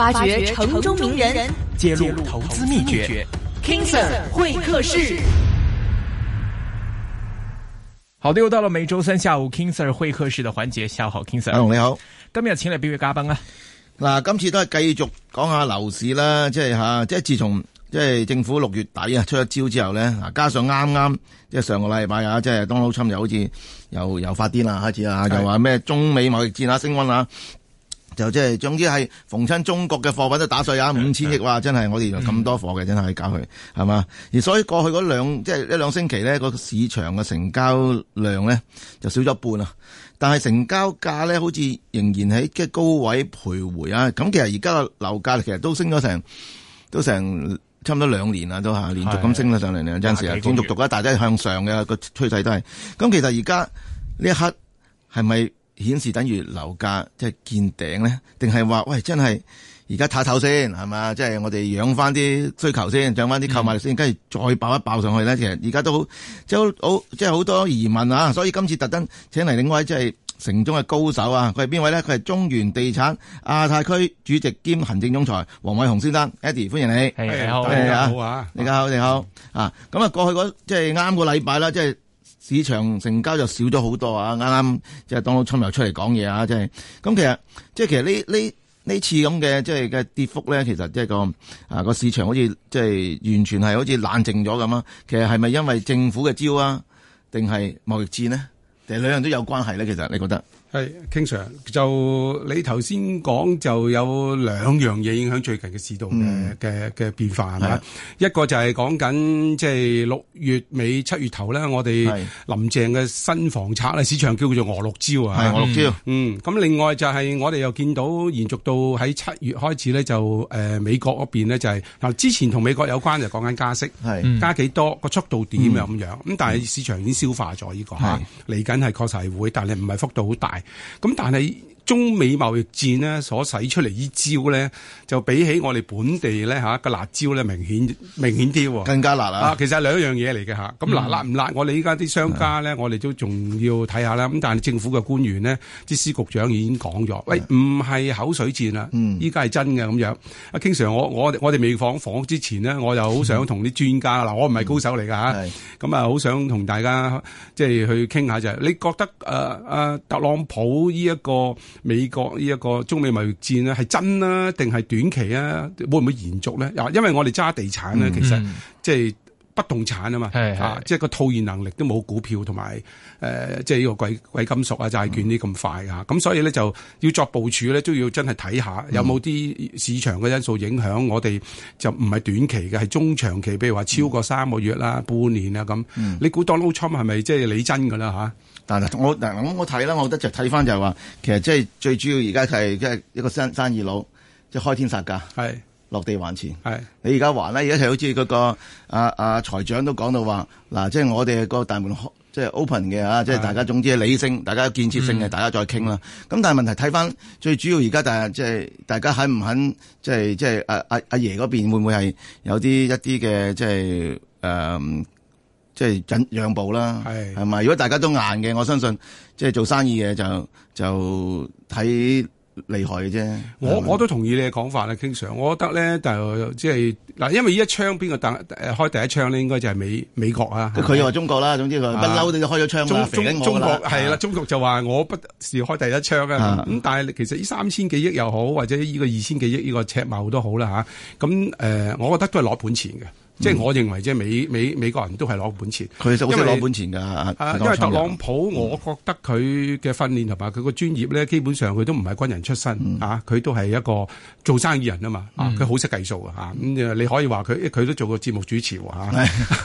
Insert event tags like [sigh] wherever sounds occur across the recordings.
發掘城中名人，揭露投資秘訣 King Sir。King Sir 會客室的，好啲又到了每周三下午 King Sir 會客室的環節，下午好，King Sir。Hello, 你好，今日請嚟邊位嘉賓啊？嗱，今次都係繼續講下樓市啦，即係吓、啊，即係自從即係政府六月底啊出咗招之後呢，嗱，加上啱啱即係上個禮拜啊，即係 Donald Trump 又好似又又發癲啦，開始啊，是又話咩中美貿易戰啊升溫啊。就即係總之係逢親中國嘅貨品都打碎啊！五千億哇，真係我哋咁多貨嘅，真係搞佢係嘛？而所以過去嗰兩即係一兩星期呢個市場嘅成交量呢就少咗半啊！但係成交價呢好似仍然喺即係高位徘徊啊！咁其實而家個樓價其實都升咗成，都成差唔多兩年啦，都嚇連續咁升咗上嚟兩陣時啊，斷續續啊，但係向上嘅、嗰個趨勢都係。咁其實而家呢一刻係咪？顯示等於樓價即係見頂咧，定係話喂真係而家唞一唞、就是、先係嘛？即係我哋養翻啲需求先，漲翻啲購買力先，跟住再爆一爆上去咧。其實而家都好，即係好，即係好多疑問啊！所以今次特登請嚟另一位即係城中嘅高手啊！佢係邊位咧？佢係中原地產亞太區主席兼行政總裁黃偉雄先生，Eddie，歡迎你。係、哎，好、哎，大家好啊！你家好，你哋好啊！咁啊，過去嗰即係啱個禮拜啦，即係。即市場成交就少咗好多啊！啱啱即係當我出嚟出嚟講嘢啊，即係咁其實即係、就是、其實呢呢呢次咁嘅即係嘅跌幅咧，其實即係個啊個市場好似即係完全係好似冷靜咗咁啊！其實係咪因為政府嘅招啊，定係貿易戰呢？其實兩樣都有關係咧？其實你覺得？係，King Sir 就你頭先講就有兩樣嘢影響最近嘅市道嘅嘅嘅變化係嘛？是的 一個就係講緊即係六月尾七月頭咧，我哋林鄭嘅新房策咧，市場叫做俄六招啊，俄六招。嗯,嗯，咁另外就係我哋又見到延續到喺七月開始咧，就誒、呃、美國嗰邊咧就係、是、嗱，之前同美國有關就講、是、緊加息，是的 加息幾多個速度點又咁樣咁，嗯、但係市場已經消化咗呢、這個，嚟緊係確實係會，但係唔係幅度好大。咁但係。中美貿易戰呢所使出嚟依招咧，就比起我哋本地咧嚇個辣椒咧明顯明顯啲喎，更加辣啦、啊。啊，其實係兩樣嘢嚟嘅嚇。咁嗱、嗯，辣唔辣？我哋依家啲商家咧，我哋都仲要睇下啦。咁但係政府嘅官員呢，啲司，司局長已經講咗，喂，唔係口水戰啦，依、嗯、家係真嘅咁樣。啊，經常我我我哋未訪房之前呢，我又好想同啲專家嗱，我唔係高手嚟㗎嚇，咁啊好想同大家即係去傾下就係、是，你覺得誒誒、呃呃、特朗普呢一、這個？美國呢一個中美貿易戰咧、啊，係真啦，定係短期啊？會唔會延續咧？啊，因為我哋揸地產咧，嗯、其實即係不動產啊嘛，是是啊，即、就、係、是、個套現能力都冇股票同埋誒，即係呢個貴貴金屬啊、債券啲咁快啊，咁、嗯、所以咧就要作部署咧，都要真係睇下有冇啲市場嘅因素影響、嗯、我哋，就唔係短期嘅，係中長期，譬如話超過三個月啦、嗯、半年啦。咁。嗯、你估 Donald Trump 係咪即係你真噶啦吓？嗱，我嗱，咁我睇啦，我覺得就睇翻就係話，其實即係最主要而家係即係一個生生意佬，即係開天殺價，係是落地還錢。係是你而家話咧，而家就好似嗰個阿阿財長都講到話，嗱，即係我哋個大門即係 open 嘅啊，即係大家總之係理性，大家建設性嘅，是大家再傾啦。咁但係問題睇翻，最主要而家但係即係大家肯唔肯，即係即係阿阿阿爺嗰邊會唔會係有啲一啲嘅即係誒？即係忍讓步啦，係咪？如果大家都硬嘅，我相信即係做生意嘅就就睇厲害嘅啫。我我都同意你嘅講法啦，King Sir 我覺得咧就即係嗱，因為呢一槍邊個打誒開第一槍咧，應該就係美美國啊。佢又話中國啦，總之佢不嬲你就開咗槍，啊、中中國係啦，中國就話我不是開第一槍啊。咁，啊啊、但係其實呢三千幾億又好，或者呢個二千幾億呢個尺茂都好啦吓，咁，啊、誒、嗯呃，我覺得都係攞本錢嘅。即係、嗯、我認為，即係美美美國人都係攞本錢，佢都因為攞本錢㗎。啊、因為特朗普，嗯、我覺得佢嘅訓練同埋佢個專業咧，基本上佢都唔係軍人出身，嚇、啊、佢都係一個做生意人啊嘛，啊佢好識計數啊，嚇，咁你可以話佢佢都做過節目主持喎、啊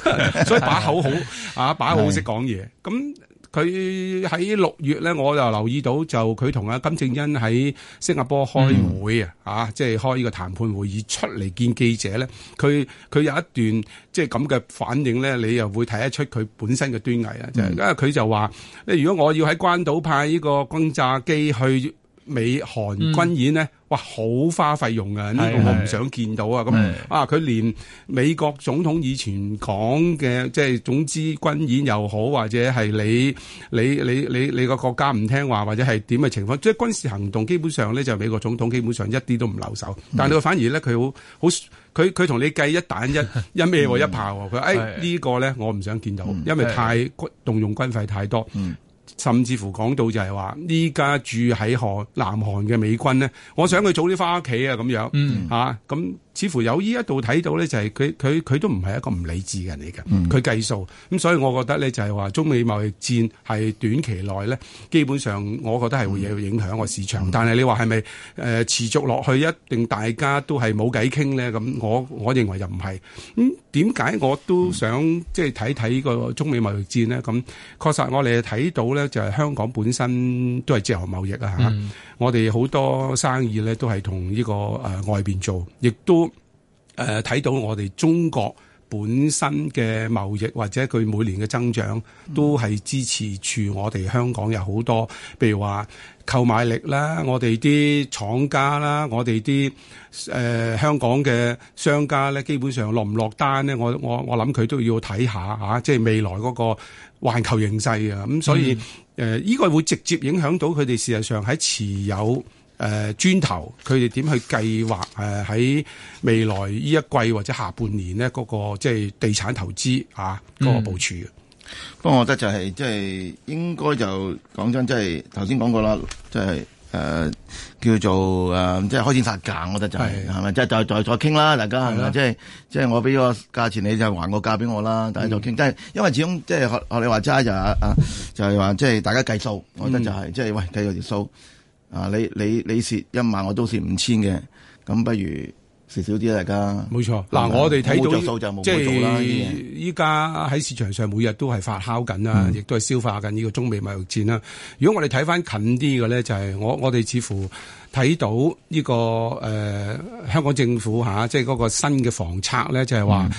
嗯啊、所以把口好 [laughs] 的啊，把口好識講嘢咁。佢喺六月咧，我就留意到就佢同阿金正恩喺新加坡開會啊，嗯、啊，即係開呢個談判會議出嚟見記者咧，佢佢有一段即係咁嘅反應咧，你又會睇得出佢本身嘅端倪啊！就係因為佢就話，你、嗯、如果我要喺關島派呢個轟炸機去。美韓軍演呢，嗯、哇，好花費用啊！呢、這個我唔想見到啊！咁啊，佢連美國總統以前講嘅，即、就、係、是、總之軍演又好，或者係你你你你你個國家唔聽話，或者係點嘅情況，即、就、係、是、軍事行動，基本上呢，就是、美國總統基本上一啲都唔留手。但係佢反而呢，佢好好佢佢同你計一彈 [laughs] 一一咩喎一炮喎。佢誒呢個呢，我唔想見到，因為太軍的動用軍費太多。嗯甚至乎講到就係話，呢家住喺韓南韓嘅美軍呢，我想佢早啲翻屋企啊，咁樣嚇咁。似乎有依一度睇到咧，就係佢佢佢都唔係一個唔理智嘅人嚟嘅，佢計數，咁，所以我覺得咧就係話中美貿易戰係短期內咧，基本上我覺得係會有影響個市場，嗯、但係你話係咪誒持續落去一定大家都係冇偈傾咧？咁我我認為又唔係，咁點解我都想即係睇睇個中美貿易戰咧？咁確實我哋睇到咧就係香港本身都係自由貿易，嗯、啊吓，我哋好多生意咧都係同呢個誒、呃、外邊做，亦都。誒睇到我哋中國本身嘅貿易或者佢每年嘅增長，都係支持住我哋香港有好多，譬如話購買力啦，我哋啲廠家啦，我哋啲誒香港嘅商家咧，基本上落唔落單咧？我我我諗佢都要睇下嚇、啊，即係未來嗰個環球形勢啊！咁所以誒，呢、嗯呃呢個會直接影響到佢哋事實上喺持有。誒，磚、呃、頭佢哋點去計劃？誒、呃，喺未來呢一季或者下半年呢嗰、那個即係地產投資啊，嗰、那個部署。不過我覺得就係即係應該就講真，即係頭先講過啦，即係誒叫做誒即係開先殺價，我覺得就係係咪？即係再再再傾啦，大家係咪即係即係我俾個價錢，你就還個價俾我啦。大家再傾，即係因為始終即係學學你話齋就阿阿就係話即係大家計數，我覺得就係即係喂計嗰條數。啊！你你你蝕一萬，我都蝕五千嘅，咁不如蝕少啲啦，大家。冇錯，嗱，我哋睇到數就冇即係依家喺市場上每日都係發酵緊、啊、啦，亦都係消化緊呢個中美貿易戰啦、啊。如果我哋睇翻近啲嘅咧，就係、是、我我哋似乎睇到呢、這個誒、呃、香港政府嚇，即係嗰個新嘅房策咧，就係話。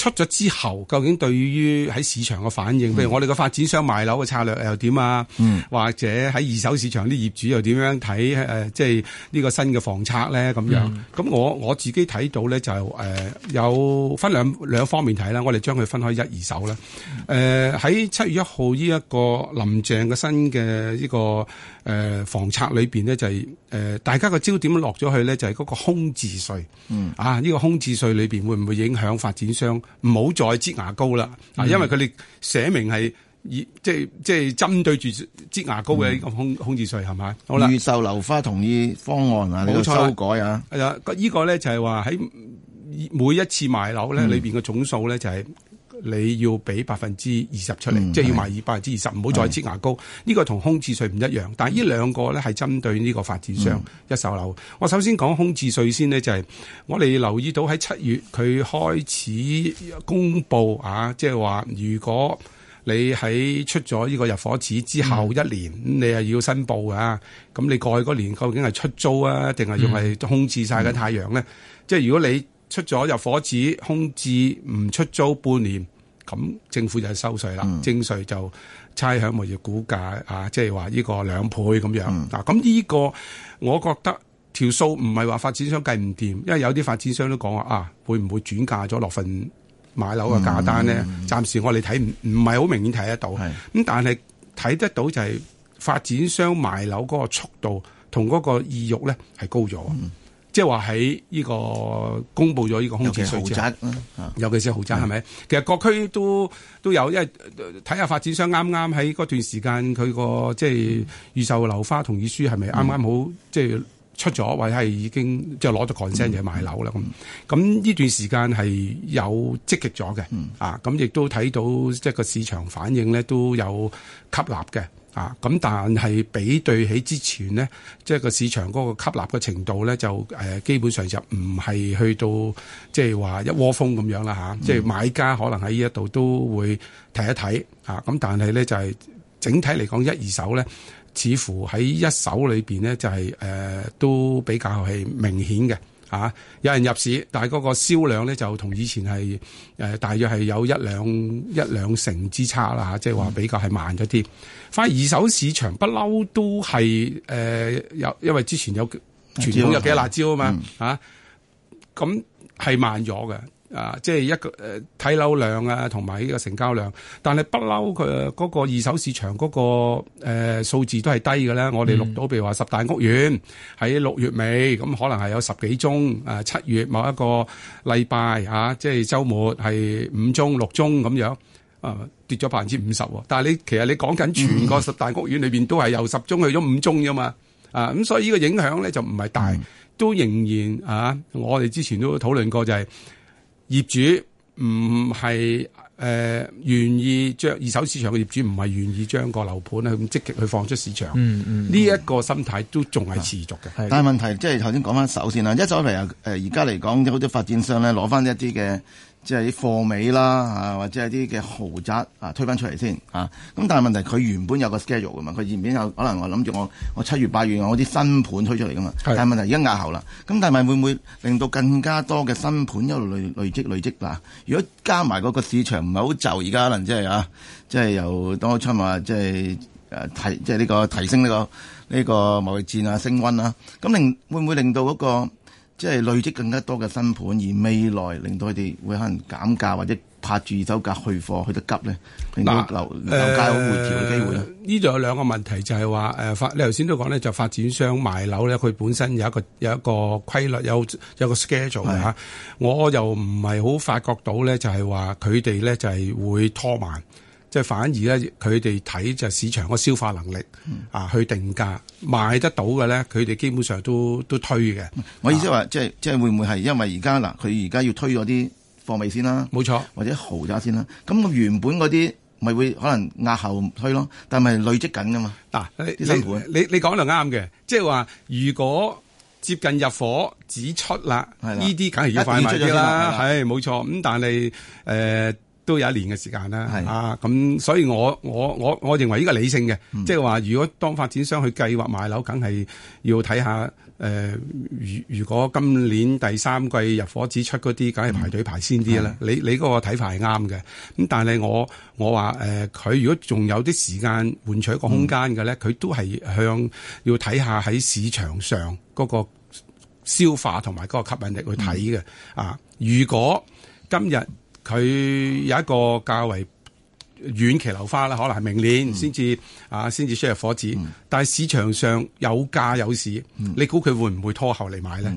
出咗之後，究竟對於喺市場嘅反應，譬如我哋嘅發展商賣樓嘅策略又點啊？嗯、或者喺二手市場啲業主又點樣睇？誒、呃，即係呢個新嘅房策咧咁樣。咁、嗯、我我自己睇到咧就誒、呃、有分兩兩方面睇啦。我哋將佢分開一二手啦。誒喺七月一號呢一個林鄭嘅新嘅呢、這個誒、呃、房策裏邊呢，就係、是、誒、呃、大家嘅焦點落咗去咧，就係嗰個空置稅。嗯。啊，呢、這個空置稅裏邊會唔會影響發展商，商？唔好再擠牙膏啦，啊、嗯，因為佢哋寫明係以即係即係針對住擠牙膏嘅一個空空置稅係咪好啦，預售樓花同意方案啊，啊你修改啊，係啊，呢、這個咧就係話喺每一次賣樓咧裏邊嘅總數咧就係、是。嗯你要俾百分之二十出嚟，嗯、即係要賣二百分之二十，唔好是的 再擠牙膏。呢是的 個同空置稅唔一樣，但係呢兩個咧係針對呢個發展商一手樓。嗯、我首先講空置稅先呢，就係、是、我哋留意到喺七月佢開始公布啊，即係話如果你喺出咗呢個入伙紙之後一年，嗯、你係要申報啊，咁你過去嗰年究竟係出租啊，定係用嚟空置晒嘅太陽咧？嗯嗯、即係如果你出咗入伙紙空置唔出租半年，咁政府就收稅啦。徵稅就差餉物業估價啊，即係話呢個兩倍咁樣。嗱、嗯，咁依、啊、個我覺得條數唔係話發展商計唔掂，因為有啲發展商都講話啊，會唔會轉嫁咗落份買樓嘅價單呢、嗯嗯、暫時我哋睇唔唔係好明顯睇得到。咁是但係睇得到就係發展商賣樓嗰個速度同嗰個意欲咧係高咗。嗯嗯即係話喺呢個公佈咗呢個空置率尤其是豪宅，尤其是豪宅係咪？其實各區都都有，因為睇下發展商啱啱喺嗰段時間佢個即係預售樓花同意書係咪啱啱好、嗯、即係出咗，或係已經即係攞咗 consent 嘢賣樓啦咁。咁呢、嗯、段時間係有積極咗嘅，嗯、啊咁亦都睇到即係個市場反應咧都有吸納嘅。啊，咁但係比對起之前呢，即係個市場嗰個吸納嘅程度呢，就、呃、誒基本上就唔係去到即係話一窩蜂咁樣啦吓，啊嗯、即係買家可能喺呢一度都會睇一睇，啊，咁但係呢，就係、是、整體嚟講一二手呢，似乎喺一手裏邊呢，就係、是、誒、呃、都比較係明顯嘅。嚇、啊，有人入市，但係嗰個銷量咧就同以前係誒、呃、大約係有一兩一兩成之差啦、啊，即係話比較係慢咗啲。反而二手市場不嬲都係誒，有、呃、因為之前有傳統有幾多辣招嘛啊嘛嚇，咁係慢咗嘅。啊，即係一個誒睇、呃、樓量啊，同埋呢個成交量，但係不嬲佢嗰個二手市場嗰、那個誒、呃、數字都係低嘅咧。我哋錄到譬如話十大屋苑喺六月尾，咁可能係有十幾宗。啊，七月某一個禮拜嚇，即係週末係五宗六宗咁樣，啊，啊跌咗百分之五十喎。但係你其實你講緊全個十大屋苑裏邊都係由十宗去咗五宗啫嘛。啊，咁所以呢個影響咧就唔係大，都仍然嚇、啊。我哋之前都討論過就係、是。業主唔係誒願意將二手市場嘅業主唔係願意將個樓盤咧，咁積極去放出市場，呢、嗯嗯、一個心態都仲係持續嘅。的的但係問題即係頭先講翻手先啦，一手嚟誒而家嚟講，有好多發展商咧攞翻一啲嘅。即係啲貨尾啦，啊或者係啲嘅豪宅啊推翻出嚟先，啊咁但係問題佢原本有個 schedule 嘅嘛，佢原本有可能我諗住我我七月八月我啲新盤推出嚟嘅嘛，是但係問題而家押後啦，咁但係會唔會令到更加多嘅新盤一路累累積累積嗱？如果加埋嗰個市場唔係好就而家，可能即係啊，即、就、係、是、由當初出話即係誒提即係呢個提升呢、這個呢、這個貿易戰啊、升溫啊，咁令會唔會令到嗰、那個？即係累積更加多嘅新盤，而未來令到佢哋會可能減價，或者拍住二手價去貨，去得急咧，樓、樓價有回調嘅機會。呢度、呃、有兩個問題，就係話誒發，你頭先都講咧，就是、發展商賣樓咧，佢本身有一個有一個規律，有有個 schedule 嘅嚇、啊、我又唔係好發覺到咧，就係話佢哋咧就係會拖慢。即係反而咧，佢哋睇就市場嗰個消化能力啊，去定價賣得到嘅咧，佢哋基本上都都推嘅、嗯。我意思話，即係即係會唔會係因為而家嗱，佢而家要推咗啲貨尾先啦，冇錯，或者豪宅先啦。咁原本嗰啲咪會可能壓後推咯，但係累積緊㗎嘛。嗱、啊，你盤你講得啱嘅，即係話如果接近入伙，指出啦，呢啲梗係要快賣啦。係冇錯，咁的但係誒。呃 [music] 都有一年嘅時間啦，是啊，咁所以我我我我認為呢個理性嘅，即係話如果當發展商去計劃買樓，梗係要睇下，誒、呃，如如果今年第三季入伙指出嗰啲，梗係排隊排先啲啦、嗯。你你嗰個睇法係啱嘅，咁但係我我話誒，佢、呃、如果仲有啲時間換取一個空間嘅咧，佢、嗯、都係向要睇下喺市場上嗰個消化同埋嗰個吸引力去睇嘅。嗯、啊，如果今日，佢有一個較為遠期樓花啦，可能係明年先至、嗯、啊，先至輸入伙紙。嗯、但係市場上有價有市，嗯、你估佢會唔會拖後嚟買咧？喺、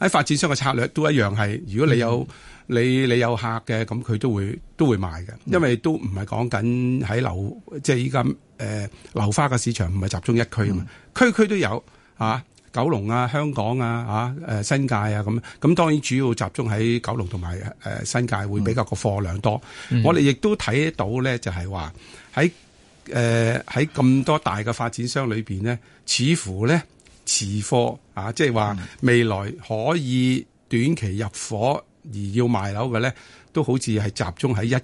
嗯、發展商嘅策略都一樣係，如果你有、嗯、你你有客嘅，咁佢都會都會賣嘅，因為都唔係講緊喺樓，即係依家誒樓花嘅市場唔係集中一區啊嘛，區區、嗯、都有啊。九龍啊、香港啊、嚇、呃、誒新界啊咁，咁當然主要集中喺九龍同埋誒新界會比較個貨量多。嗯、我哋亦都睇到咧，就係話喺誒喺咁多大嘅發展商裏邊呢，似乎咧持貨啊，即係話未來可以短期入伙而要賣樓嘅咧，都好似係集中喺一。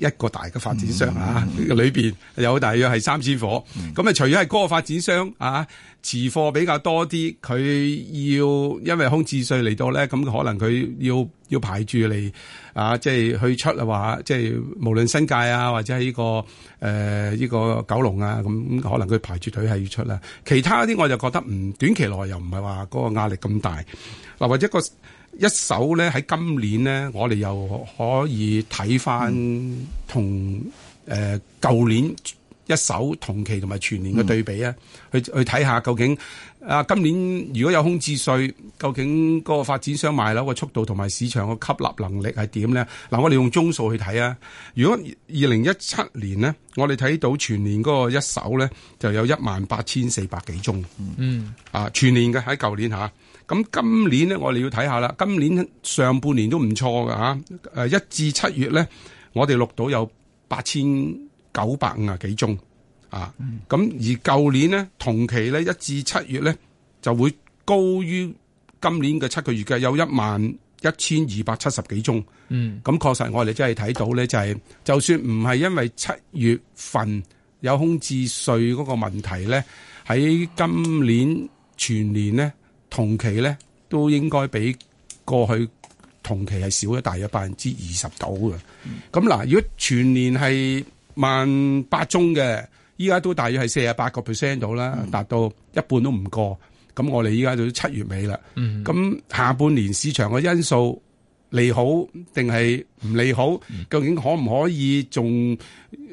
一個大嘅發展商、嗯、啊，裏邊有大約係三千夥。咁啊、嗯、除咗係嗰個發展商啊，持貨比較多啲，佢要因為空置稅嚟到咧，咁可能佢要要排住嚟啊，即係去出啊話，即係無論新界啊，或者係、呢、呢個誒依、呃呢個九龍啊，咁可能佢排住隊係要出啦。其他啲我就覺得唔短期內又唔係話嗰個壓力咁大，嗱我一個。一手咧，喺今年咧，我哋又可以睇翻同誒、呃、舊年一手同期同埋全年嘅對比啊、嗯，去去睇下究竟啊，今年如果有空置稅，究竟嗰個發展商賣樓嘅速度同埋市場嘅吸納能力係點咧？嗱，我哋用宗數去睇啊。如果二零一七年呢，我哋睇到全年嗰個一手咧，就有一萬八千四百幾宗。嗯啊，全年嘅喺舊年嚇。啊咁今年咧，我哋要睇下啦。今年上半年都唔錯嘅吓，誒、啊、一至七月咧，我哋錄到有八千九百五十幾宗啊。咁、嗯、而舊年咧，同期咧一至七月咧就會高於今年嘅七個月嘅，有一萬一千二百七十幾宗。嗯，咁確實我哋真係睇到咧，就係、是、就算唔係因為七月份有空置稅嗰個問題咧，喺今年全年咧。同期咧都應該比過去同期係少咗大約百分之二十九嘅。咁嗱，嗯、如果全年係萬八宗嘅，依家都大約係四十八個 percent 到啦，達、嗯、到一半都唔過。咁我哋依家就七月尾啦，咁、嗯、哼下半年市場嘅因素。利好定係唔利好？究竟可唔可以仲誒、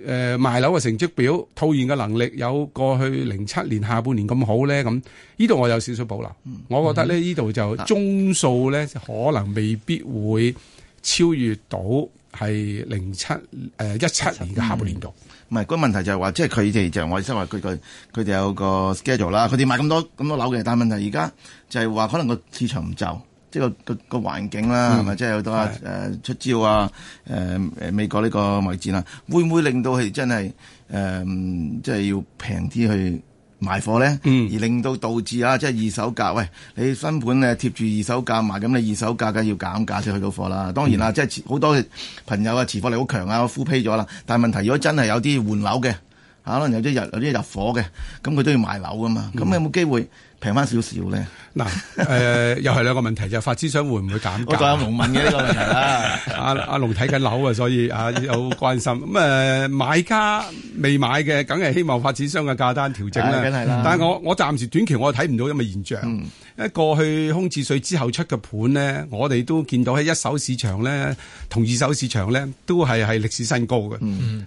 呃、賣樓嘅成績表，套現嘅能力有過去零七年下半年咁好咧？咁呢度我有少少保留，嗯、我覺得咧，呢度就中數咧，可能未必會超越到係零七誒一七年嘅下半年度。唔係、嗯，個問題就係話，即係佢哋就我意思話，佢個佢哋有個 schedule 啦，佢哋買咁多咁多樓嘅，但問題而家就係話可能個市場唔就。呢、這個、這個個環境啦，係咪、嗯、即係有得誒、啊是的 呃、出招啊？誒、呃、誒美國呢個位戰啊，會唔會令到佢真係誒、呃、即係要平啲去賣貨咧？嗯、而令到導致啊，即係二手價，喂，你新盤誒貼住二手價賣，咁你二手價梗要減價先去到貨啦。當然啦，嗯、即係好多朋友啊，持貨力好強啊，我 full pay 咗啦。但係問題，如果真係有啲換樓嘅、啊，可能有啲入有啲入伙嘅，咁佢都要賣樓㗎嘛。咁有冇機會？嗯平翻少少咧，嗱，誒又係兩個問題就係發展商會唔會減價？我再阿龍問嘅呢個問題啦。阿阿龍睇緊樓啊，所以啊好關心。咁誒買家未買嘅，梗係希望發展商嘅價單調整啦。梗係啦。但係我我暫時短期我睇唔到咁嘅現象。一過去空置稅之後出嘅盤咧，我哋都見到喺一手市場咧，同二手市場咧都係係歷史新高嘅。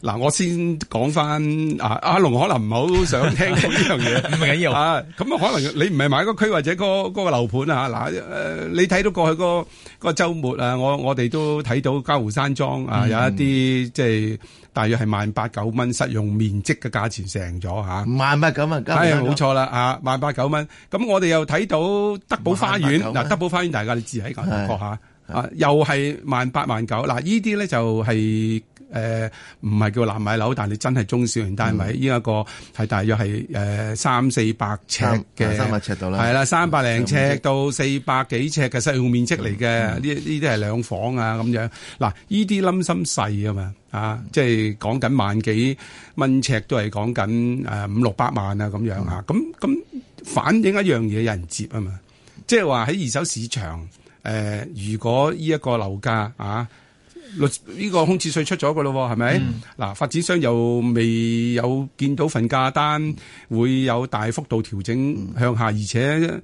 嗱，我先講翻啊，阿龍可能唔好想聽講呢樣嘢，唔緊要啊。咁啊，可能。你唔係買個區或者個個樓盤啊？嗱，誒，你睇到過去個個周末啊，我我哋都睇到嘉湖山莊啊，有一啲即係大約係萬八九蚊實用面積嘅價錢成咗吓，萬八九蚊。係冇錯啦啊，萬八九蚊。咁、 [noise] [noise] 哎、我哋又睇到德寶花園，嗱、啊，德寶花園，大家你注意喺個眼角下啊，又係萬八萬九。嗱，呢啲咧就係、是。誒，唔係、呃、叫納米樓，但係你真係中小型單位呢一、嗯、個係大約係誒三四百尺嘅，三百尺到啦，係啦，三百零尺到四百幾尺嘅實用面積嚟嘅，呢呢啲係兩房啊咁樣。嗱，呢啲冧心細啊嘛，啊，即係講緊萬幾蚊尺都係講緊誒五六百萬啊咁樣吓，咁咁、嗯、反映一樣嘢，有人接啊嘛，即係話喺二手市場誒、呃，如果呢一個樓價啊。呢個空置稅出咗個咯，係咪？嗱、嗯啊，發展商又未有見到份價單，會有大幅度調整、嗯、向下，而且。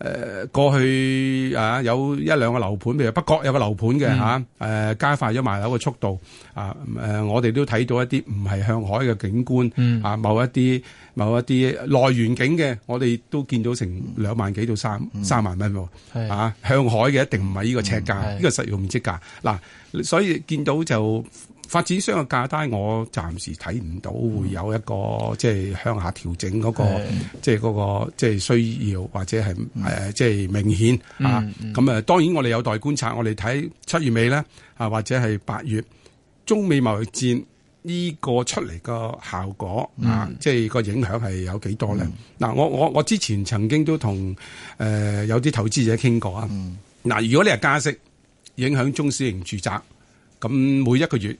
誒過去啊，有一兩個樓盤，譬如北角有個樓盤嘅嚇，誒加快咗賣樓嘅速度啊！誒，我哋都睇到一啲唔係向海嘅景觀，啊，某一啲某一啲內園景嘅，我哋都見到成兩萬幾到三三萬蚊喎，啊，向海嘅一定唔係呢個尺價，呢個實用面積價嗱，所以見到就。發展商嘅價低，我暫時睇唔到會有一個即係向下調整嗰、那個的那個，即係嗰即係需要或者係誒、嗯呃、即係明顯啊。咁啊、嗯，嗯、當然我哋有待觀察，我哋睇七月尾咧啊，或者係八月中美貿易戰呢個出嚟個效果、嗯、啊，即係個影響係有幾多咧？嗱、嗯啊，我我我之前曾經都同誒、呃、有啲投資者傾過啊。嗱、啊，如果你係加息，影響中小型住宅，咁每一個月。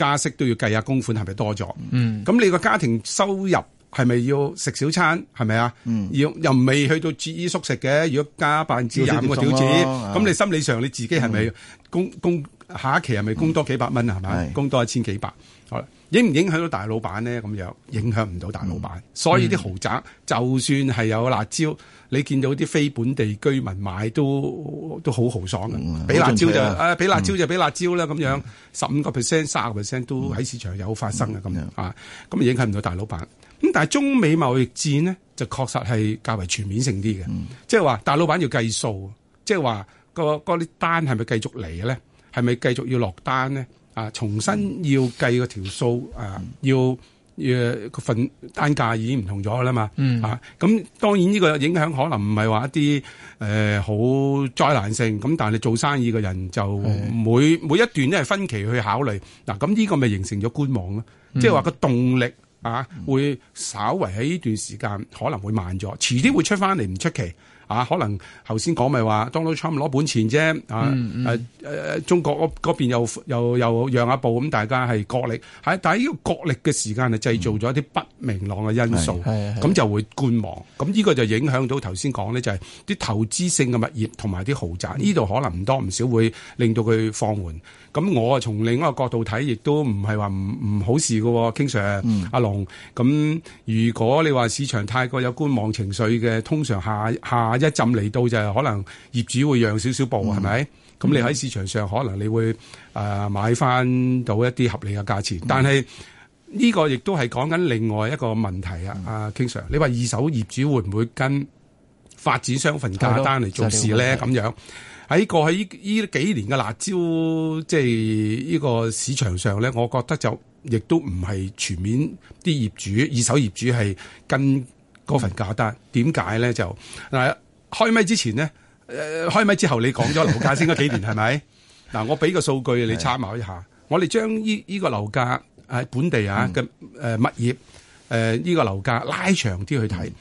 加息都要計下供款係咪多咗？咁、嗯、你個家庭收入係咪要食少餐？係咪啊？嗯、要又未去到節衣縮食嘅。如果加百分之廿五個點子，咁你心理上你自己係咪供供、嗯、下一期係咪供多幾百蚊啊？係咪？供多一千幾百？好。影唔影響到大老闆呢？咁樣影響唔到大老闆，嗯、所以啲豪宅就算係有辣椒，嗯、你見到啲非本地居民買都都好豪爽嘅，俾、嗯、辣椒就、嗯、啊俾辣椒就俾辣椒啦咁樣，十五個 percent、卅個 percent 都喺市場有發生嘅咁樣啊，咁、嗯、影響唔到大老闆。咁但係中美貿易戰呢，就確實係較為全面性啲嘅，嗯、即係話大老闆要計數，即係話嗰啲單係咪繼續嚟嘅咧？係咪繼續要落單呢？啊，重新要計個條數啊，要嘅份單價已經唔同咗噶啦嘛。啊，咁當然呢個影響可能唔係話一啲誒好災難性，咁但係你做生意嘅人就每、嗯、每一段都係分期去考慮嗱。咁、啊、呢個咪形成咗觀望咯，即係話個動力啊會稍為喺呢段時間可能會慢咗，遲啲會出翻嚟唔出奇。啊，可能頭先講咪話 Donald Trump 攞本錢啫，啊誒誒、嗯嗯啊，中國嗰邊又又又讓下步，咁大家係角力，係但係呢個角力嘅時間啊，製造咗一啲不明朗嘅因素，咁、嗯、就會觀望，咁呢個就影響到頭先講呢，就係啲投資性嘅物業同埋啲豪宅，呢度可能唔多唔少會令到佢放緩。咁我啊，從另外一個角度睇，亦都唔係話唔唔好事嘅 King Sir、嗯、阿龍。咁如果你話市場太過有觀望情緒嘅，通常下下一陣嚟到就係可能業主會讓少少步，係咪、嗯？咁你喺市場上可能你會誒買翻到一啲合理嘅價錢。但係呢個亦都係講緊另外一個問題啊，阿 King、嗯、Sir 你話二手業主會唔會跟發展商份價單嚟做事咧？咁樣。喺過去呢呢幾年嘅辣椒，即係呢個市場上咧，我覺得就亦都唔係全面啲業主、二手業主係跟嗰份價單。點解咧？就嗱，開咪之前呢，誒、呃、開咪之後你講咗樓價升咗幾年係咪？嗱， [laughs] 我俾個數據你參考一下。是的 我哋將呢呢個樓價喺本地嚇嘅誒物業誒呢、嗯呃呢個樓價拉長啲去睇。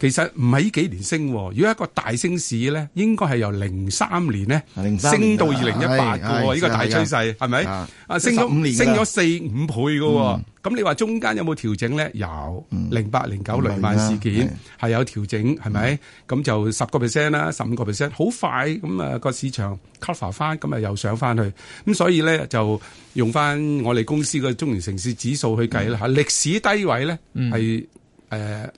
其實唔係呢幾年升，如果一個大升市咧，應該係由零三年咧升到二零一八嘅呢個大趨勢，係咪？啊，升咗升咗四五倍嘅，咁你話中間有冇調整咧？有零八零九雷曼事件係有調整，係咪？咁就十個 percent 啦，十五個 percent，好快咁啊個市場 cover 翻，咁啊又上翻去。咁所以咧就用翻我哋公司嘅中原城市指數去計啦吓，歷史低位咧係誒，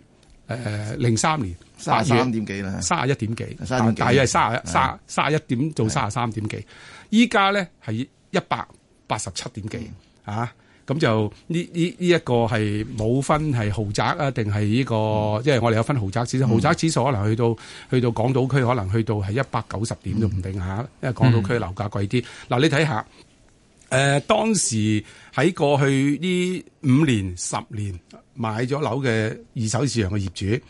誒，零三年卅三點幾啦，卅一點幾，大約係卅一三卅一點到卅三點幾。依家咧係一百八十七點幾啊！咁就呢呢呢一個係冇分係豪宅啊，定係呢個？即係我哋有分豪宅指豪宅指數，可能去到去到港島區，可能去到係一百九十點都唔定吓。因為港島區樓價貴啲。嗱，你睇下，誒，當時喺過去呢五年十年。買咗樓嘅二手市場嘅業主，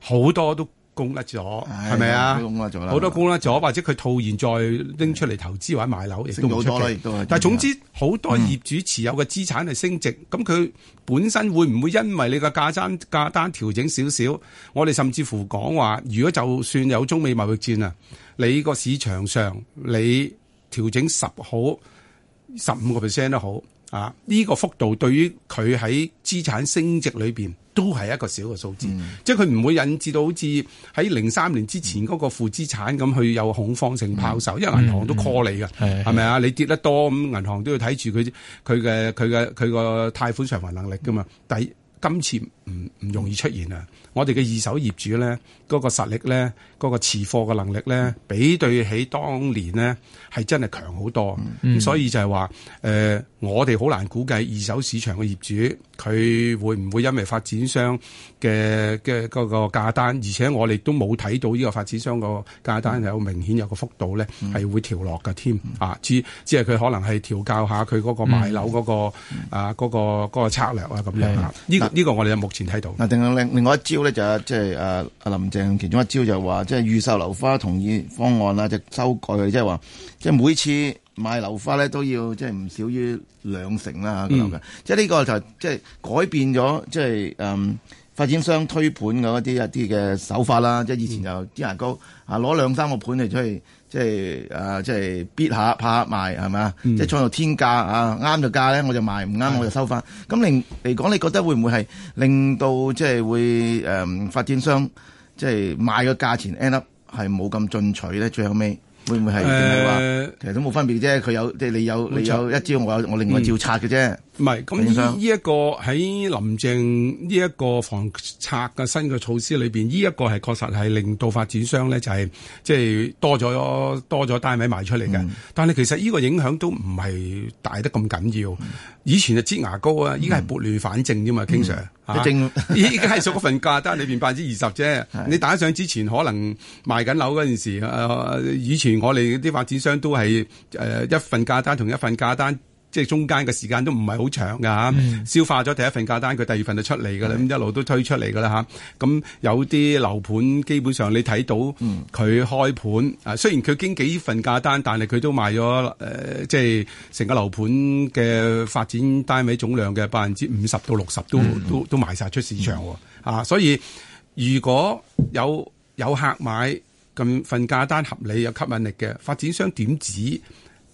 好多都供甩咗，係咪啊？好吧多供甩咗，對或者佢套對現再拎出嚟，投資或者買樓亦都冇錯。但係總之，好多業主持有嘅資產係升值，咁佢、嗯、本身會唔會因為你個價差價單調整少少？我哋甚至乎講話，如果就算有中美貿易戰啊，你個市場上你調整十好十五個 percent 都好。啊！呢、呢個幅度對於佢喺資產升值裏邊都係一個小嘅數字，嗯、即係佢唔會引致到好似喺零三年之前嗰個負資產咁、嗯、去有恐慌性拋售，嗯、因為銀行都 call 你嘅、嗯，係咪啊？你跌得多咁、嗯，銀行都要睇住佢佢嘅佢嘅佢個貸款償還能力噶嘛。但係今次唔唔容易出現啊！嗯、我哋嘅二手業主咧。嗰個實力咧，個持貨嘅能力咧，比對起當年咧係真係強好多。嗯、所以就係話誒，我哋好難估計二手市場嘅業主佢會唔會因為發展商嘅嘅個價單，而且我哋都冇睇到呢個發展商個價單係有明顯有個幅度咧，係會調落嘅添。啊，只只係佢可能係調教下佢個買、嗰個樓、嗯啊嗰個啊個個策略啊咁樣。呢呢、嗯這個這個我哋就目前睇到。嗱、啊，定另另外一招咧、啊，就係即係誒阿林、啊林其中一招就係話，即係預售樓花同意方案啦，就修改佢。即係話，即係每次賣樓花咧都要，即係唔少於兩成啦。咁樣嘅，即係呢個就即係改變咗，即係誒發展商推盤嘅啲一啲嘅手法啦。即係以前就啲牙膏啊，攞兩三個盤嚟出去，即係誒，即係逼下拍下賣係咪啊？即係、嗯、創造天價啊，啱就價咧我就賣，唔啱我就收翻。咁另嚟講，你覺得會唔會係令到即係會誒發展商？即係買個價錢，end up 係冇咁進取咧，最後尾會唔會係？呃呃、其實都冇分別啫，佢有即係你有、嗯、你有一招，我有我另外招拆嘅啫。唔係，咁呢依一個喺林鄭呢一個房策嘅新嘅措施裏邊，呢一個係確實係令到發展商咧就係、係、即係多咗多咗單位賣出嚟嘅。嗯、但係其實呢個影響都唔係大得咁緊要。嗯、以前係擠牙膏啊，依家係撥亂反正啫嘛。經常、嗯，正依家係索一份價單裏邊百分之二十啫。 [laughs] 你打上之前可能賣緊樓嗰陣時、呃，以前我哋啲發展商都係誒、嗯、一,一份價單同一份價單。即係中間嘅時間都唔係好長㗎，嗯、消化咗第一份價單，佢第二份就出嚟㗎啦，咁的一路都推出嚟㗎啦嚇。咁、啊、有啲樓盤基本上你睇到佢開盤，嗯、啊雖然佢經幾份價單，但係佢都賣咗誒、呃，即係成個樓盤嘅發展單位總量嘅百分之五十到六十都、嗯、都都,都賣晒出市場喎、嗯嗯、啊！所以如果有有客買咁份價單合理，有吸引力嘅發展商點止，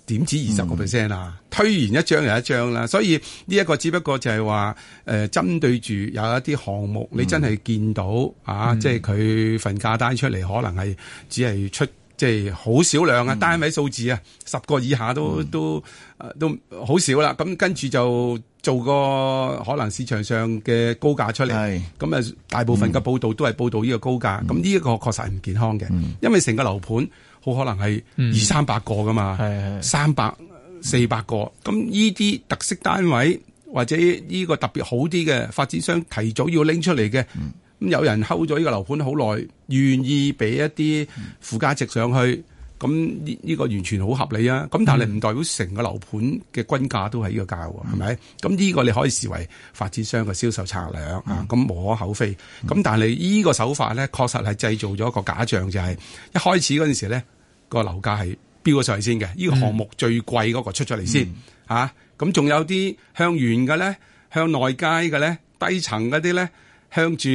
點止二十個 percent 啊！推完一張又一張啦，所以呢一個只不過就係話誒，針對住有一啲項目，你真係見到啊，即係佢份價單出嚟，可能係只係出即係好少量啊，單位數字啊，十個以下都都都好少啦。咁跟住就做個可能市場上嘅高價出嚟，咁啊大部分嘅報道都係報道呢個高價，咁呢一個確實係唔健康嘅，嗯、因為成個樓盤。好可能係二三百個噶嘛，三百四百個咁呢啲特色單位或者呢個特別好啲嘅發展商提早要拎出嚟嘅，咁、嗯、有人睺咗呢個樓盤好耐，願意俾一啲附加值上去，咁呢、嗯呢個完全好合理啊！咁但係唔代表成個樓盤嘅均價都係呢個價喎，係咪、嗯？咁呢個你可以視為發展商嘅銷售策略啊，咁無可厚非。咁但係呢個手法咧，確實係製造咗一個假象，就係、是、一開始嗰陣時咧。個樓價係飆咗上嚟先嘅，呢、這個項目最貴嗰個出咗嚟先嚇，咁仲、嗯啊、有啲向遠嘅咧，向內街嘅咧，低層嗰啲咧向住。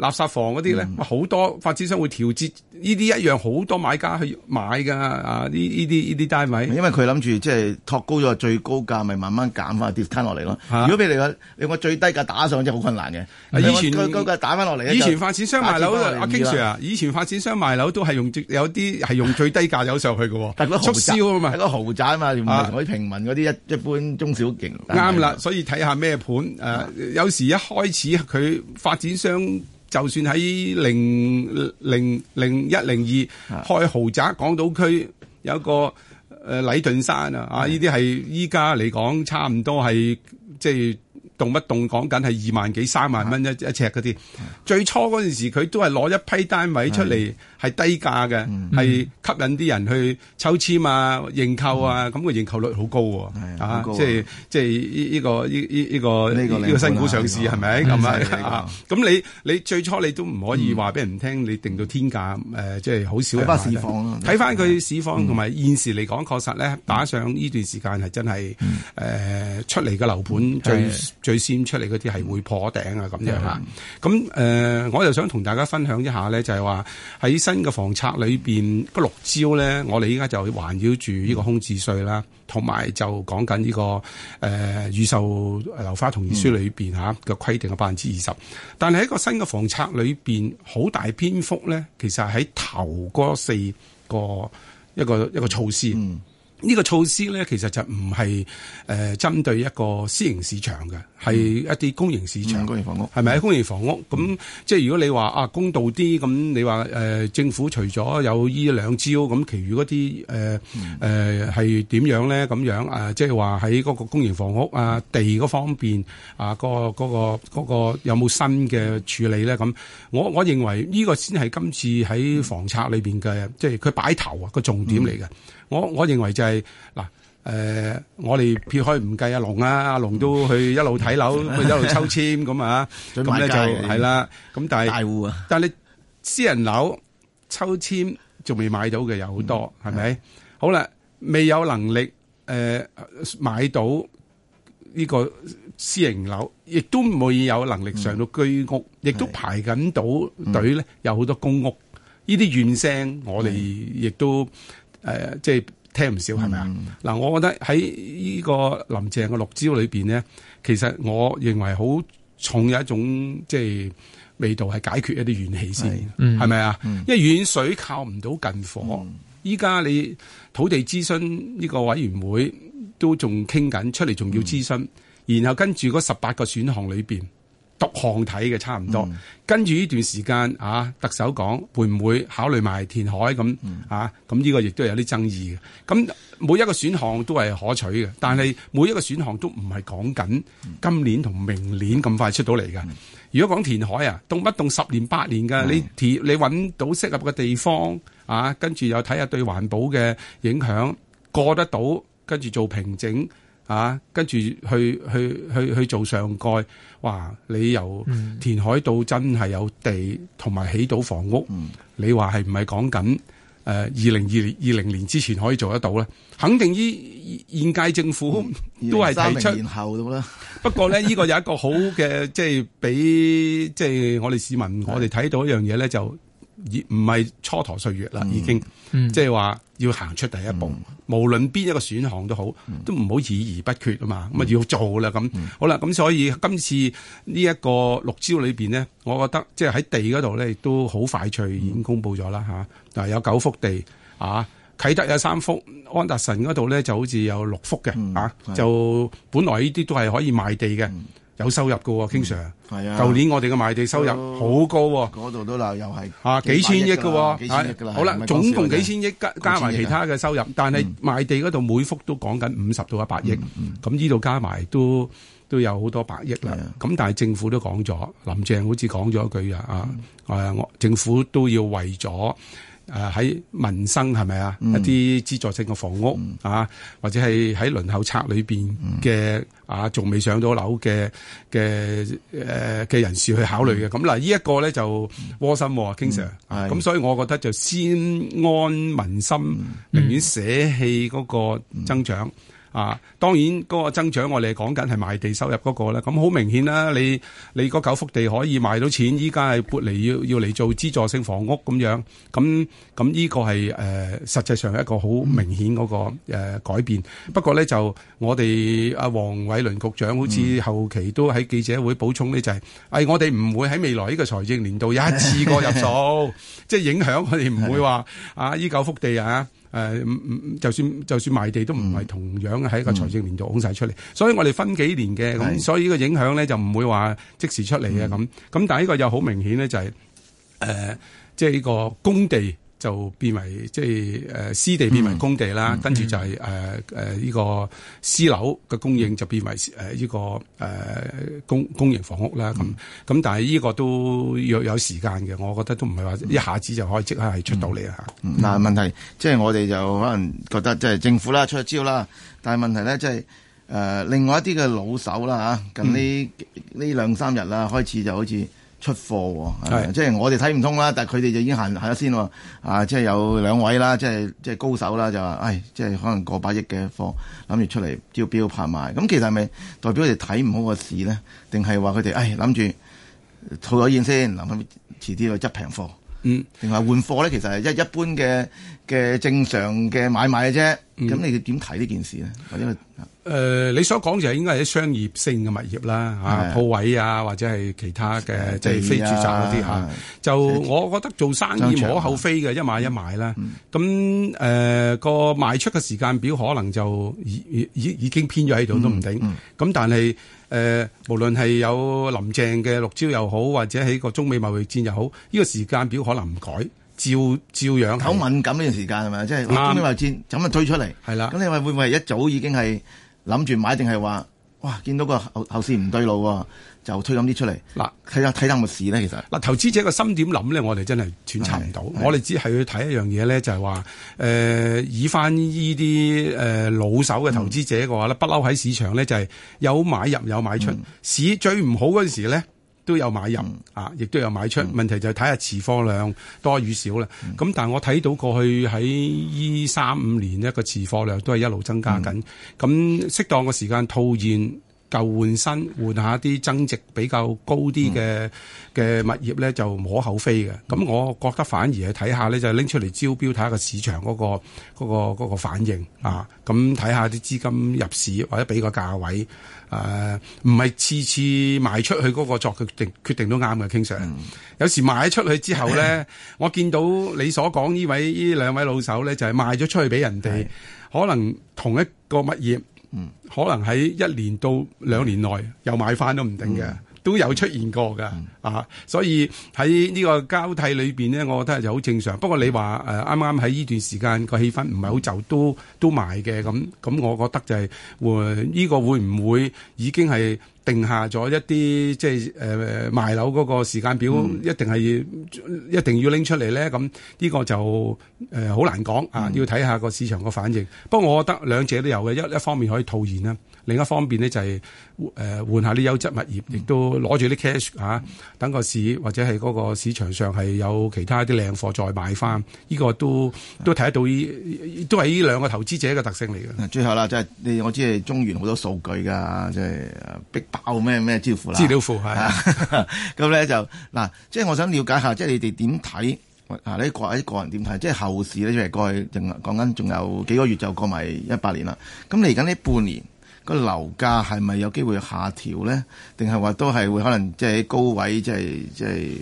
垃圾房嗰啲咧，好多發展商會調節呢啲一樣，好多買家去買㗎啊！呢呢啲呢啲單位，因為佢諗住即係托高咗最高價，咪慢慢減翻跌幅攤落嚟咯。如果俾你個你個最低價打上，真係好困難嘅。以前個個價打翻落嚟，以前發展商賣樓，King Sir 啊，以前發展商賣樓都係用最有啲係用最低價走上去㗎喎。促銷啊嘛，係個豪宅啊嘛，同係嗰啲平民嗰啲一一般中小型。啱啦，所以睇下咩盤誒，有時一開始佢發展商。就算喺零零零一零二開豪宅，港島區有個誒、呃、禮頓山啊，啊，依啲係依家嚟講差唔多係即係。.動乜動講緊係二萬幾三萬蚊一一尺嗰啲，最初嗰陣時佢都係攞一批單位出嚟，係低價嘅，係吸引啲人去抽籤啊、認購啊，咁個認購率好高喎，啊，即係即係呢呢個呢呢呢個呢個新股上市係咪咁啊？咁你你最初你都唔可以話俾人唔聽，你定到天價誒，即係好少睇翻佢市況同埋現時嚟講，確實咧打上呢段時間係真係誒出嚟嘅樓盤最。最先出嚟嗰啲係會破頂啊，咁樣啊，咁誒、嗯呃，我就想同大家分享一下咧，就係話喺新嘅房策裏邊，嗰、嗯、六招咧，我哋依家就環繞住呢個空置稅啦，同埋就講緊呢個誒預售樓花同意書裏邊嚇嘅規定嘅百分之二十，但係喺個新嘅房策裏邊，好大篇幅咧，其實喺頭嗰四個一個一個,一個措施。嗯呢個措施咧，其實就唔係誒針對一個私營市場嘅，係一啲公營市場。公營、嗯、房屋係咪？喺公營房屋咁、嗯，即係如果你話啊公道啲，咁你話誒、呃、政府除咗有呢兩招，咁其餘嗰啲誒誒係點樣咧？咁樣誒、啊，即係話喺嗰個公營房屋啊地嗰方面啊，嗰個嗰、嗰個、嗰個嗰個嗰個嗰個、有冇新嘅處理咧？咁我我，我認為呢個先係今次喺房策裏邊嘅，即係佢擺頭啊個重點嚟嘅。我我認為就係嗱，誒，我哋撇開唔計阿龍啊，阿龍都去一路睇樓，去一路抽籤咁啊，咁咧就係啦。咁但係但係私人樓抽籤仲未買到嘅有好多，係咪？好啦，未有能力誒買到呢個私人樓，亦都冇有能力上到居屋，亦都排緊到隊咧。有好多公屋，呢啲怨聲我哋亦都。誒、呃，即係聽唔少係咪啊？嗱吧，嗯、我覺得喺呢個林鄭嘅六招裏邊呢，其實我認為好重有一種即係味道，係解決一啲怨氣先，係咪啊？吧嗯、因為遠水靠唔到近火，依家、嗯、你土地諮詢呢個委員會都仲傾緊，出嚟仲要諮詢，嗯、然後跟住嗰十八個選項裏邊。獨項睇嘅差唔多，跟住呢段時間啊，特首講會唔會考慮埋填海咁、嗯、啊？咁呢個亦都有啲爭議嘅。咁每一個選項都係可取嘅，但係每一個選項都唔係講緊今年同明年咁快出到嚟嘅。嗯、如果講填海啊，動不動十年八年嘅、嗯，你填你揾到適合嘅地方啊，跟住又睇下對環保嘅影響過得到，跟住做平整。啊！跟住去去去去，去做上蓋，哇！你由填海到真係有地，同埋起到房屋，嗯、你話係唔係講緊？誒、呃，二零二零二零年之前可以做得到咧？肯定依現屆政府、嗯、都係提出後啦。 [laughs] 不過咧，呢、呢個有一個好嘅，即係俾即係我哋市民我，我哋睇到一樣嘢咧就。而唔係蹉跎歲月啦，已經、嗯、即係話要行出第一步，嗯、無論邊一個選項都好，嗯、都唔好議而不決啊嘛。咁啊、嗯、要做啦咁，嗯、好啦咁，所以今次呢一個六招裏邊呢，我覺得即係喺地嗰度咧，都好快脆已經公布咗啦嚇。嗱、嗯啊、有九幅地啊，啟德有三幅，安達臣嗰度呢就好似有六幅嘅、嗯、啊，就本來呢啲都係可以賣地嘅。嗯有收入嘅喎，King Sir。係啊，舊年我哋嘅賣地收入好高喎。嗰度都鬧，又係啊，幾千億嘅喎，係。好啦，總共幾千億加加埋其他嘅收入，但係賣地嗰度每幅都講緊五十到一百億。咁呢度加埋都都有好多百億啦。咁但係政府都講咗，林鄭好似講咗一句嘅啊，誒，政府都要為咗。誒喺民生係咪啊？是是嗯、一啲資助性嘅房屋，嗯、啊，或者係喺輪候冊裏邊嘅啊，仲未上到樓嘅嘅誒嘅人士去考慮嘅。咁嗱，呢一個咧就窩心喎、嗯、，King Sir、嗯。咁所以我覺得就先安民心，嗯、寧願捨棄嗰個增長。嗯嗯嗯嗯啊，當然嗰個增長，我哋講緊係賣地收入嗰、那個咧。咁好明顯啦、啊，你你嗰九幅地可以賣到錢，依家係撥嚟要要嚟做資助性房屋咁樣。咁咁呢個係誒、呃、實際上一個好明顯嗰、那個、呃、改變。不過咧就我哋阿黃偉綸局長，好似後期都喺記者會補充呢、就是，就係誒我哋唔會喺未來呢個財政年度一次過入數， [laughs] 即係影響我哋唔會話啊依九幅地啊。誒、呃嗯，嗯，就算就算賣地都唔係同樣喺個財政年度掹晒出嚟，嗯、所以我哋分幾年嘅，咁、嗯、所以依個影響咧就唔會話即時出嚟嘅。咁、嗯，咁但係呢個又好明顯咧就係、是、誒，即係依個工地。就變為即係誒、呃、私地變為工地啦，跟住、嗯嗯、就係誒誒依個私樓嘅供應就變為誒依個誒公公營房屋啦。咁咁、嗯、但係呢個都要有時間嘅，我覺得都唔係話一下子就可以即刻係出到嚟啊。嗱、嗯嗯、問題即係我哋就可能覺得即係政府啦出咗招啦，但係問題咧即係誒另外一啲嘅老手啦嚇，近呢呢、嗯、兩三日啦開始就好似，出貨、喔，是即係我哋睇唔通啦，但係佢哋就已經行行得先喎。啊，即係有兩位啦，即係即係高手啦，就話，唉，即係可能過百億嘅貨，諗住出嚟招標拍賣。咁其實係咪代表佢哋睇唔好個市呢？定係話佢哋唉諗住套咗現先，諗下遲啲去執平貨？嗯，定係換貨咧？其實係一一般嘅嘅正常嘅買賣嘅啫。咁、嗯、你哋點睇呢件事呢？或者？誒，你所講就係應該係啲商業性嘅物業啦，吓鋪位啊，或者係其他嘅即係非住宅嗰啲吓。就我覺得做生意無可厚非嘅一買一賣啦。咁誒個賣出嘅時間表可能就已已已經編咗喺度都唔定。咁但係誒，無論係有林鄭嘅六招又好，或者喺個中美貿易戰又好，呢個時間表可能唔改，照照樣好敏感呢個時間係咪？即係中美貿易戰咁啊推出嚟，係啦。咁你話會唔會一早已經係？諗住買定係話，哇！見到個後後市唔對路，就推咁啲出嚟。嗱喇，睇下睇下個市咧，其實嗱，投資者個心點諗咧，我哋真係揣測唔到。是是是我哋只係去睇一樣嘢咧，就係、是呃呃、話，誒，以翻依啲誒老手嘅投資者嘅話咧，不嬲喺市場咧就係、是、有買入有買出。嗯、市最唔好嗰時咧，都有買入啊，亦、嗯、都有買出，嗯、問題就係睇下持貨量多與少啦。咁、嗯、但係我睇到過去喺依三五年一個持貨量都係一路增加緊，咁適、嗯、當嘅時間套現。舊換新，換下啲增值比較高啲嘅嘅物業咧，嗯、就無可厚非嘅。咁我覺得反而係睇下咧，就拎、係、出嚟招標，睇下個市場嗰、嗰個嗰、嗰個嗰個、反應啊。咁睇下啲資金入市，或者俾個價位，誒唔係次次賣出去嗰個作決定決定都啱嘅。其實、嗯、有時賣出去之後咧，嗯、我見到你所講呢位呢兩位老手咧，就係、係、賣咗出去俾人哋，是可能同一個物業。嗯，可能喺一年到兩年內又買翻都唔定嘅。嗯嗯都有出現過㗎，嗯、啊，所以喺呢個交替裏邊呢，我覺得就好正常。不過你話誒啱啱喺呢段時間、個氣氛唔係好就都都賣嘅咁，咁我覺得就係、會、呢、呢個會唔會已經係定下咗一啲即係誒、呃、賣樓嗰個時間表，嗯、一定係一定要拎出嚟咧？咁呢個就誒好、呃、難講啊，要睇下個市場個反應。不過、嗯、我覺得兩者都有嘅，一一方面可以套現啦。另一方面呢，就係誒換下啲優質物業，亦都攞住啲 cash 嚇、啊，等個市或者係嗰個市場上係有其他啲靚貨再買翻，呢個都都睇得到呢都係呢兩個投資者嘅特性嚟嘅。最後啦，即係你我知係中原好多數據㗎，即係啊，逼爆咩咩資料庫啦，資料庫係咁咧就嗱，即係我想了解下，即係你哋點睇？嗱、啊，你個啲個人點睇？即係後市呢，因為過去講緊仲有幾個月就過埋一百年啦。咁嚟緊呢半年。個樓價係咪有機會下調呢？定係話都係會可能即係高位即係即係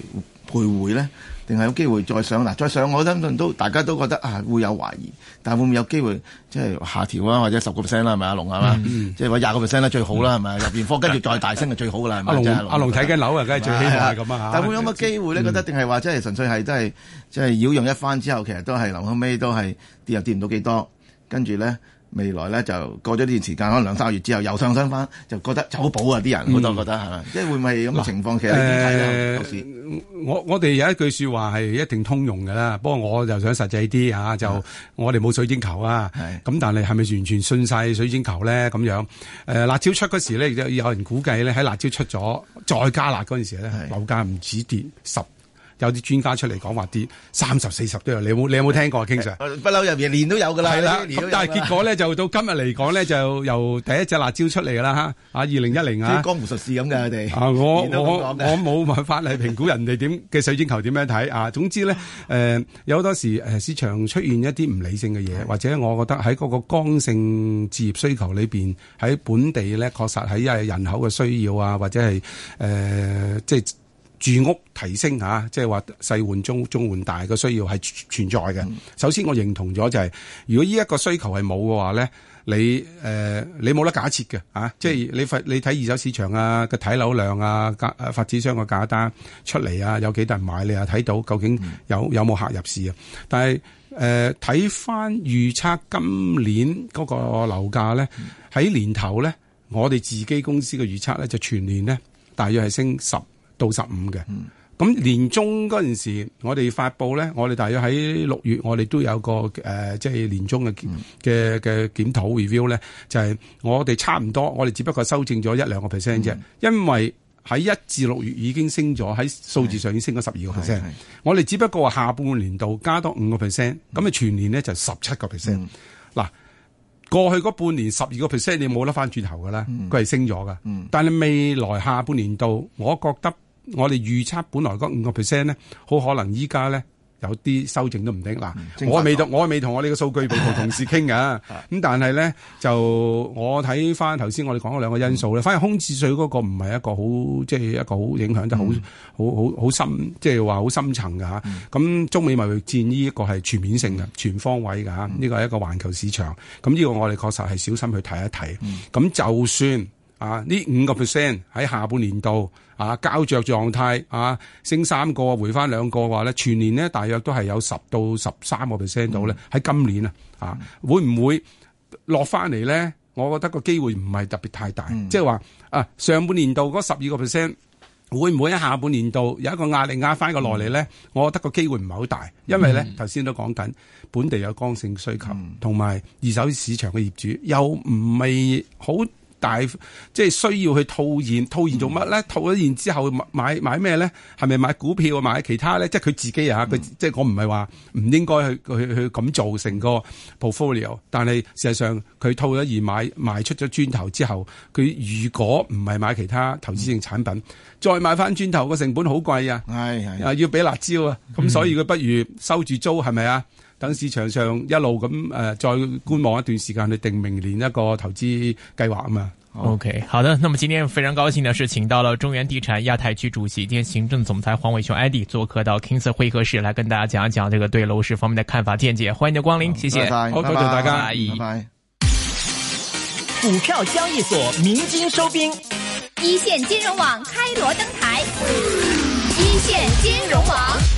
徘徊咧？定係有機會再上嗱？再上我諗都大家都覺得啊會有懷疑，但係會唔會有機會即係下調啦，或者十個 percent 啦，係咪阿龍係嘛？即係話廿個 percent 啦最好啦，係咪入完貨跟住再大升就最好噶啦？阿龍阿龍睇緊樓啊，梗係最希望係咁啊！但係會有乜機會呢？覺得定係話即係純粹係真係即係擾用一番之後，其實都係臨後尾都係跌又跌唔到幾多，跟住咧。未來呢就過咗呢段時間，可能兩三個月之後又上升翻，就覺得就好保啊！啲人好多覺得係嘛，即係、嗯、會唔會咁嘅情況？呃、其實點睇、呃、師我我哋有一句説話係一定通用嘅啦。不過我就想實際啲吓，就是我哋冇水晶球啊。咁是但係係咪完全信晒水晶球咧？咁樣誒、呃，辣椒出嗰時咧，有人估計咧，喺辣椒出咗再加辣嗰陣時咧，樓價唔止跌十。有啲專家出嚟講話啲三十四十都有，你有你有冇聽過啊？經常不嬲入面年都有噶啦。係啦的，但係結果咧就到今日嚟講咧就由第一隻辣椒出嚟噶啦吓，啊，二零一零啊，即係江湖術士咁嘅佢哋。啊，我我冇辦法嚟評估人哋點嘅水晶球點樣睇啊。總之咧，誒、呃、有好多時誒市場出現一啲唔理性嘅嘢，或者我覺得喺嗰個剛性置業需求裏邊，喺本地咧確實喺因為人口嘅需要啊，或者係誒、呃、即係。住屋提升吓，即係話，細換中，中換大嘅需要係存在嘅。嗯、首先，我認同咗就係、是、如果依一個需求係冇嘅話咧，你誒、呃、你冇得假設嘅啊，即係你發你睇二手市場啊嘅睇樓量啊，誒發展商嘅價單出嚟啊，有幾多人買，你啊睇到，究竟有有冇客入市啊？但係誒睇翻預測今年嗰個樓價咧，喺年頭咧，我哋自己公司嘅預測咧，就全年咧大約係升十。到十五嘅，咁、嗯、年中嗰陣時，我哋發布咧，我哋大約喺六月，我哋都有個誒、呃、即係年終嘅嘅嘅檢討 review 咧，就係我哋差唔多，我哋只不過修正咗一兩個 percent 啫，嗯、因為喺一至六月已經升咗，喺數字上已經升咗十二個 percent，我哋只不過下半年度加多五個 percent，咁啊全年咧就十七個 percent。嗱，嗯、過去嗰半年十二個 percent 你冇得翻轉頭噶啦，佢係升咗噶，但係未來下半年度，我覺得。我哋預測本來嗰五個 percent 咧，好可能依家咧有啲修正都唔定。嗱，我未同我未同我哋嘅數據部同同事傾嘅。咁 [laughs] 但係咧，就我睇翻頭先我哋講嗰兩個因素咧，嗯、反而空置稅嗰個唔係一個好即係一個好影響，得好好好好深，即係話好深層嘅嚇。咁、嗯、中美貿易戰呢，一個係全面性嘅全方位嘅嚇，呢個係一個環球市場。咁呢個我哋確實係小心去睇一睇。咁、嗯嗯、就算。啊！呢五個 percent 喺下半年度啊，膠著狀態啊，升三個回翻兩個嘅話咧，全年咧大約都係有十到十三個 percent 到咧。喺、嗯、今年啊，啊會唔會落翻嚟咧？我覺得個機會唔係特別太大，嗯、即係話啊，上半年度嗰十二個 percent 會唔會喺下半年度有一個壓力壓翻個落嚟咧？嗯、我覺得個機會唔係好大，因為咧頭先都講緊本地有剛性需求，同埋、嗯、二手市場嘅業主又唔係好。大即係需要去套現，套現做乜咧？套咗現之後買買咩咧？係咪買股票買其他咧？即係佢自己啊！佢、嗯、即係我唔係話唔應該去去去咁做成個 portfolio，但係事實上佢套咗而買賣出咗磚頭之後，佢如果唔係買其他投資性產品，嗯、再買翻磚頭個成本好貴啊！係係、哎哎、啊，要俾辣招啊！咁、嗯、所以佢不如收住租係咪啊？等市場上一路咁誒，再觀望一段時間去定明年一個投資計劃啊嘛。好 OK，好的，那麼今天非常高興的是，請到了中原地產亞太區主席兼行政總裁黃偉雄 Eddie 做客到 King Sir 會客室，來跟大家講一講這個對樓市方面的看法見解。歡迎你光臨，謝謝。好，多謝大家，拜拜。股票交易所明金收兵，一線金融網開鑼登台，一線金融網。